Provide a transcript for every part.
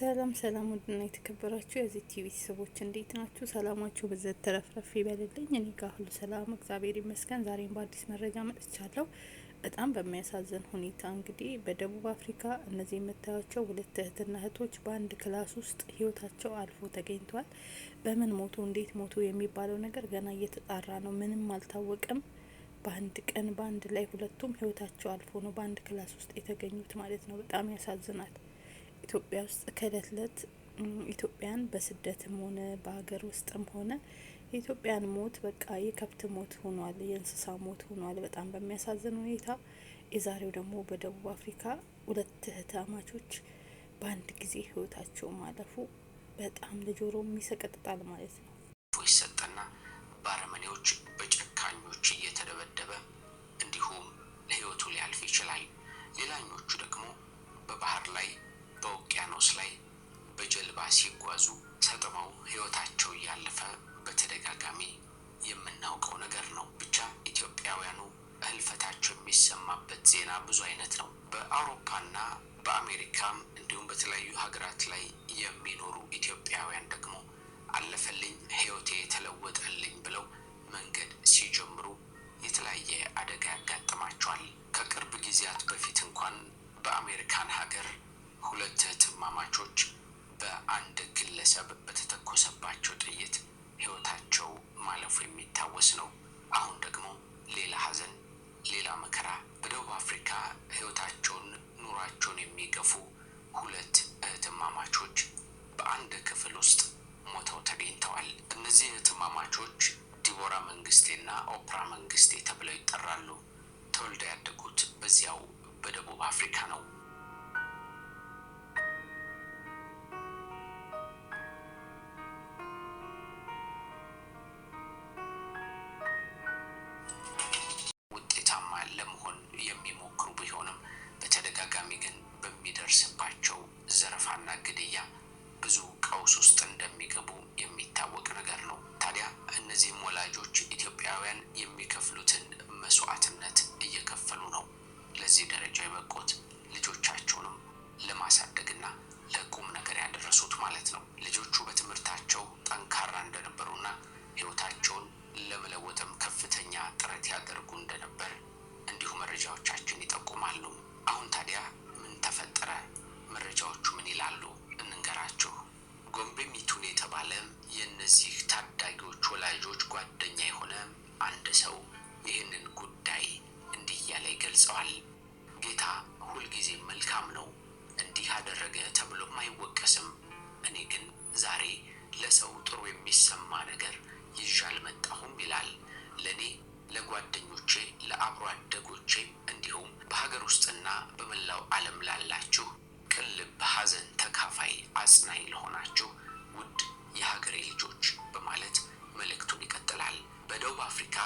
ሰላም ሰላም፣ ውድና የተከበራችሁ የዚህ ቲቪ ሰዎች እንዴት ናችሁ? ሰላማችሁ በዘት ተረፍረፍ ይበልልኝ። እኔ ጋር ሁሉ ሰላም እግዚአብሔር ይመስገን። ዛሬም በአዲስ መረጃ መጥቻለሁ። በጣም በሚያሳዝን ሁኔታ እንግዲህ በደቡብ አፍሪካ እነዚህ የምታያቸው ሁለት እህትና እህቶች በአንድ ክላስ ውስጥ ህይወታቸው አልፎ ተገኝቷል። በምን ሞቱ፣ እንዴት ሞቱ የሚባለው ነገር ገና እየተጣራ ነው። ምንም አልታወቀም። በአንድ ቀን በአንድ ላይ ሁለቱም ህይወታቸው አልፎ ነው በአንድ ክላስ ውስጥ የተገኙት ማለት ነው። በጣም ያሳዝናል። ኢትዮጵያ ውስጥ ከእለት እለት ኢትዮጵያን በስደትም ሆነ በሀገር ውስጥም ሆነ የኢትዮጵያን ሞት በቃ የከብት ሞት ሆኗል፣ የእንስሳ ሞት ሆኗል በጣም በሚያሳዝን ሁኔታ። የዛሬው ደግሞ በደቡብ አፍሪካ ሁለት እህትማማቾች በአንድ ጊዜ ህይወታቸው ማለፉ በጣም ለጆሮ የሚሰቀጥጣል ማለት ነው። በአውሮፓና በአሜሪካም እንዲሁም በተለያዩ ሀገራት ላይ የሚኖሩ ኢትዮጵያውያን ደግሞ አለፈልኝ ህይወቴ የተለወጠልኝ ብለው መንገድ ሲጀምሩ የተለያየ አደጋ ያጋጥማቸዋል። ከቅርብ ጊዜያት በፊት እንኳን በአሜሪካን ሀገር ሁለት እህትማማቾች በአንድ ግለሰብ በተተኮሰባቸው ጥይት ህይወታቸው ማለፉ የሚታወስ ነው። አሁን ደግሞ ሌላ ሀዘን ሌላ መከራ በደቡብ አፍሪካ ህይወታቸውን ኑሯቸውን የሚገፉ ሁለት እህትማማቾች በአንድ ክፍል ውስጥ ሞተው ተገኝተዋል። እነዚህ እህትማማቾች ዲቦራ መንግስቴና ኦፕራ መንግስቴ ተብለው ይጠራሉ። ተወልደው ያደጉት በዚያው በደቡብ አፍሪካ ነው። ለዚህ ደረጃ የበቁት ልጆቻቸውንም ለማሳደግና ለቁም ነገር ያደረሱት ማለት ነው። ልጆቹ በትምህርታቸው ጠንካራ እንደነበሩና ሕይወታቸውን ለመለወጥም ከፍተኛ ጥረት ያደርጉ እንደነበር እንዲሁ መረጃዎቻችን ይጠቁማሉ። አሁን ታዲያ ምን ተፈጠረ? መረጃዎቹ ምን ይላሉ? እንንገራችሁ። ጎንቤ ሚቱን የተባለ የእነዚህ ታዳጊዎች ወላጆች ጓደኛ የሆነ አንድ ሰው ይህንን ጉዳይ እንዲህ እያለ ይገልጸዋል። ጌታ ሁልጊዜ መልካም ነው፣ እንዲህ አደረገ ተብሎም አይወቀስም። እኔ ግን ዛሬ ለሰው ጥሩ የሚሰማ ነገር ይዤ አልመጣሁም ይላል። ለእኔ ለጓደኞቼ፣ ለአብሮ አደጎቼ እንዲሁም በሀገር ውስጥና በመላው ዓለም ላላችሁ ቅልብ በሐዘን ተካፋይ አጽናኝ ለሆናችሁ ውድ የሀገሬ ልጆች በማለት መልእክቱን ይቀጥላል። በደቡብ አፍሪካ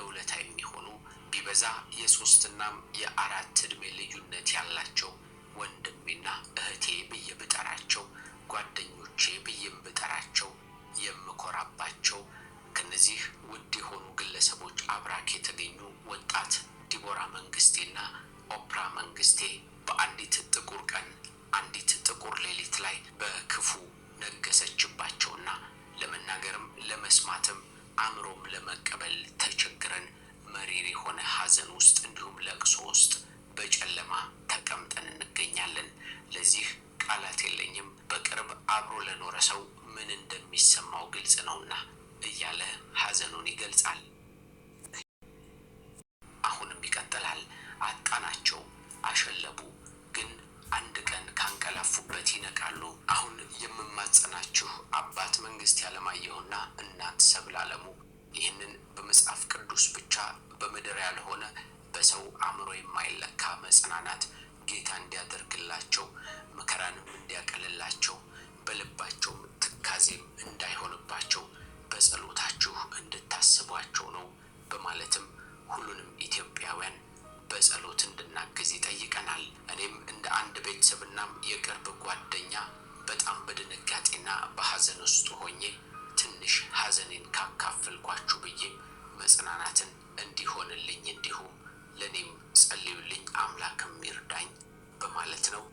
ባለውለታ የሚሆኑ ቢበዛ የሶስትና የአራት ዕድሜ ልዩነት ያላቸው ወንድሜና እህቴ ብዬ ብጠራቸው፣ ጓደኞቼ ብዬም ብጠራቸው የምኮራባቸው ከነዚህ ውድ የሆኑ ግለሰቦች አብራክ የተገኙ ወጣት ዲቦራ መንግስቴና ኦፕራ መንግስቴ በአንዲት ጥቁር ቀን አንዲት ጥቁር ሌሊት ላይ በክፉ ነገሰችባቸውና ለመናገርም ለመስማትም አእምሮም ለመቀበል ተቸግረን መሪር የሆነ ሐዘን ውስጥ እንዲሁም ለቅሶ ውስጥ በጨለማ ተቀምጠን እንገኛለን። ለዚህ ቃላት የለኝም። በቅርብ አብሮ ለኖረ ሰው ምን እንደሚሰማው ግልጽ ነውና እያለ ሐዘኑን ይገልጻል። አለማየሁና እናት ሰብል አለሙ ይህንን በመጽሐፍ ቅዱስ ብቻ በምድር ያልሆነ በሰው አእምሮ የማይለካ መጽናናት ጌታ እንዲያደርግላቸው መከራንም እንዲያቀልላቸው በልባቸውም ትካዜም እንዳይሆንባቸው በጸሎታችሁ እንድታስቧቸው ነው በማለትም ሁሉንም ኢትዮጵያውያን በጸሎት እንድናግዝ ይጠይቀናል። እኔም እንደ አንድ ቤተሰብናም የቅር በሐዘን ውስጥ ሆኜ ትንሽ ሐዘኔን ካካፈልኳችሁ ብዬ መጽናናትን እንዲሆንልኝ እንዲሁም ለእኔም ጸልዩልኝ አምላክም ይርዳኝ በማለት ነው።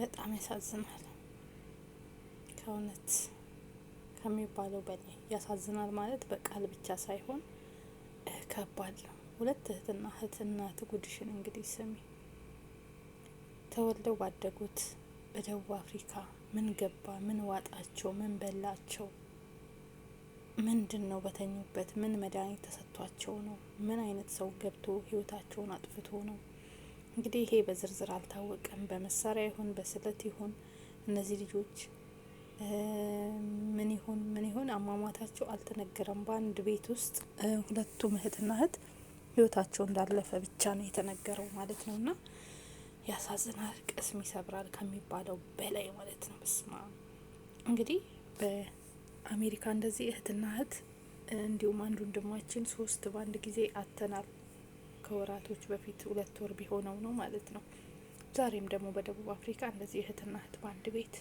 በጣም ያሳዝናል። ከእውነት ከሚባለው በላይ ያሳዝናል። ማለት በቃል ብቻ ሳይሆን ከባድ ነው። ሁለት እህትና እህት እናት ጉድሽን እንግዲህ ስሚ ተወልደው ባደጉት በደቡብ አፍሪካ ምን ገባ? ምን ዋጣቸው? ምን በላቸው? ምንድን ነው በተኙበት? ምን መድኃኒት ተሰጥቷቸው ነው? ምን አይነት ሰው ገብቶ ህይወታቸውን አጥፍቶ ነው? እንግዲህ ይሄ በዝርዝር አልታወቀም። በመሳሪያ ይሁን በስለት ይሁን እነዚህ ልጆች ምን ይሁን ምን ይሁን አሟሟታቸው አልተነገረም። በአንድ ቤት ውስጥ ሁለቱም እህትና እህት ህይወታቸው እንዳለፈ ብቻ ነው የተነገረው ማለት ነውና ያሳዝናል፣ ቅስም ይሰብራል ከሚባለው በላይ ማለት ነው። ስማ እንግዲህ በአሜሪካ እንደዚህ እህትና እህት እንዲሁም አንድ ወንድማችን ሶስት በአንድ ጊዜ አተናል። ከወራቶች በፊት ሁለት ወር ቢሆነው ነው ማለት ነው። ዛሬም ደግሞ በደቡብ አፍሪካ እንደዚህ እህትና እህት በአንድ ቤት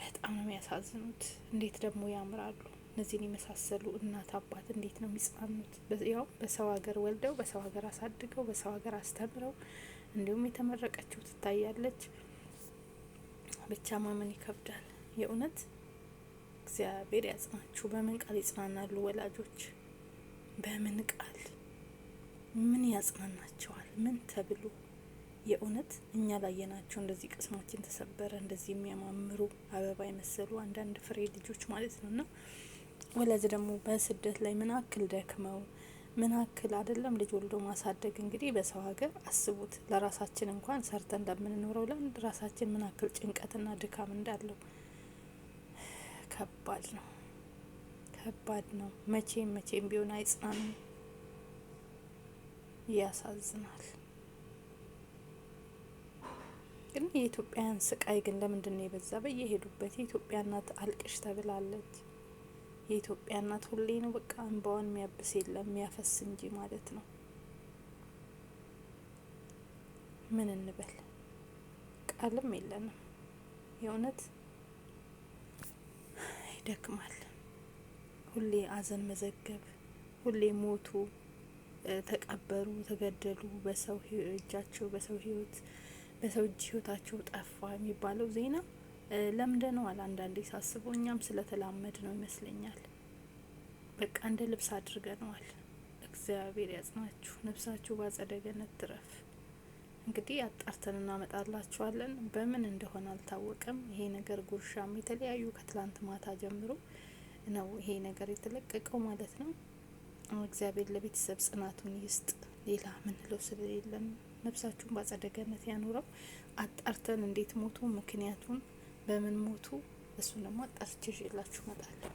በጣም ነው የሚያሳዝኑት። እንዴት ደግሞ ያምራሉ! እነዚህን የመሳሰሉ እናት አባት እንዴት ነው የሚጽናኑት? ያው በሰው ሀገር ወልደው በሰው ሀገር አሳድገው በሰው ሀገር አስተምረው እንዲሁም የተመረቀችው ትታያለች። ብቻ ማመን ይከብዳል። የእውነት እግዚአብሔር ያጽናችሁ። በምን ቃል ይጽናናሉ ወላጆች? በምን ቃል ምን ያጽናናቸዋል? ምን ተብሎ የእውነት እኛ ላየናቸው እንደዚህ ቅስማችን ተሰበረ፣ እንደዚህ የሚያማምሩ አበባ የመሰሉ አንዳንድ ፍሬ ልጆች ማለት ነው። እና ወላጅ ደግሞ በስደት ላይ ምን አክል ደክመው ምን አክል አይደለም ልጅ ወልዶ ማሳደግ እንግዲህ በሰው ሀገር አስቡት። ለራሳችን እንኳን ሰርተን እንደምንኖረው ለአንድ ራሳችን ምን አክል ጭንቀትና ድካም እንዳለው ከባድ ነው፣ ከባድ ነው። መቼም መቼም ቢሆን አይጽናንም። ያሳዝናል። ግን የኢትዮጵያን ስቃይ ግን ለምንድን ነው የበዛ? በየሄዱበት የኢትዮጵያ እናት አልቅሽ ተብላለች። የኢትዮጵያ እናት ሁሌ ነው በቃ እንባዋን የሚያብስ የለም የሚያፈስ እንጂ ማለት ነው። ምን እንበል ቃልም የለንም። የእውነት ይደክማል። ሁሌ አዘን መዘገብ፣ ሁሌ ሞቱ፣ ተቀበሩ፣ ተገደሉ፣ በሰው እጃቸው በሰው ህይወት በሰው እጅ ህይወታቸው ጠፋ የሚባለው ዜና ለምደነዋል። አንዳንዴ ሳስበው እኛም ስለተላመድ ነው ይመስለኛል። በቃ እንደ ልብስ አድርገነዋል። እግዚአብሔር ያጽናችሁ፣ ነፍሳችሁ በአጸደ ገነት ትረፍ። እንግዲህ አጣርተን እናመጣላችኋለን። በምን እንደሆነ አልታወቀም። ይሄ ነገር ጉርሻም የተለያዩ ከትላንት ማታ ጀምሮ ነው ይሄ ነገር የተለቀቀው ማለት ነው። እግዚአብሔር ለቤተሰብ ጽናቱን ይስጥ። ሌላ ምንለው ስለሌለን ነፍሳችሁን በአጸደ ገነት ያኑረው። አጣርተን እንዴት ሞቱ ምክንያቱን በምን ሞቱ? እሱን ደግሞ አጣርቼ ይዤላችሁ እመጣለሁ።